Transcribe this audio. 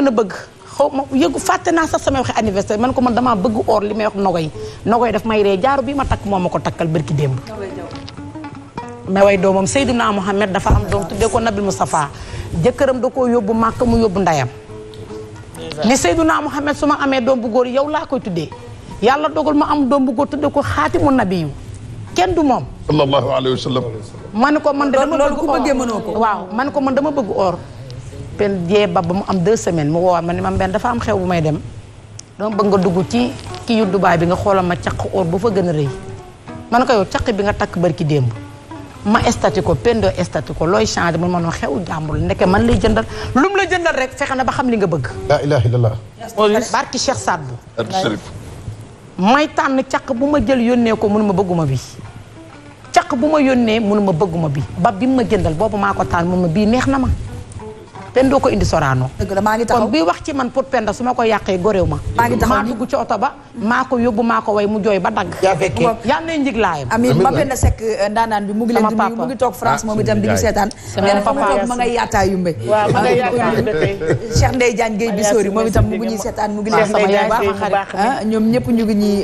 gën a bëgg xaw ma yëgu fàtte naa sax samay man ko man damaa bëgg or li may wax nogoy nogoy daf may ree jaaru bi ma takk moo ma ko takkal bërki démb mais way doomam Seydina Mohamed dafa am doom tuddee ko Nabil Moustapha jëkkëram da koo yóbbu màkk mu yóbbu ndayam ni Seydina Mohamed su ma amee doom bu góor yow laa koy ma am doom bu góor tuddee ko xaatimu nabiyu kenn du moom sallallahu alayhi wa sallam man ko man de dama bëgg or waaw pel jee ba ba mu am deux semaines mu woo ma ni ma benn dafa am bu may dem dama bëgg nga dugg ci kii yu bi nga xoolal ma caq or bu fa gën a man ko yow caq bi nga takk barki démb ma estati ko pendo estati ko looy changé mun ma noo xew jàmbur ndeke man lay jëndal lu rek fexe na ba xam li nga bëgg laa ilaha illallah barki Cheikh Saad bu may tànn caq bu ma jël yónnee ko mënu ma bëgguma bi caq bu ma yónnee mënu ma bëgguma bi ba bi mu ma jëndal boobu maa ko tànn mun ma bii neex na ma kenn doo ko indi Sorano. dëgg la maa ngi taxaw kon bi wax ci man pour penda su ma ko yàqee goréew ma. maa ngi taxaw maa dugg ci oto ba. maa ko yóbbu maa ko way mu jooy ba dagg. yaa fekkee yal na njig laayam. sekk eh, ndaanaan bi mu ngi toog France ah, moom itam di seetaan. sama papa toog ma ma ngay yaataa yumbe tey. Cheikh Ndeye Diagne Guèye Bissory moom itam mu ngi ñuy seetaan mu ngi leen sama yaay bu baax ah, ñoom ñëpp ñu ngi ñuy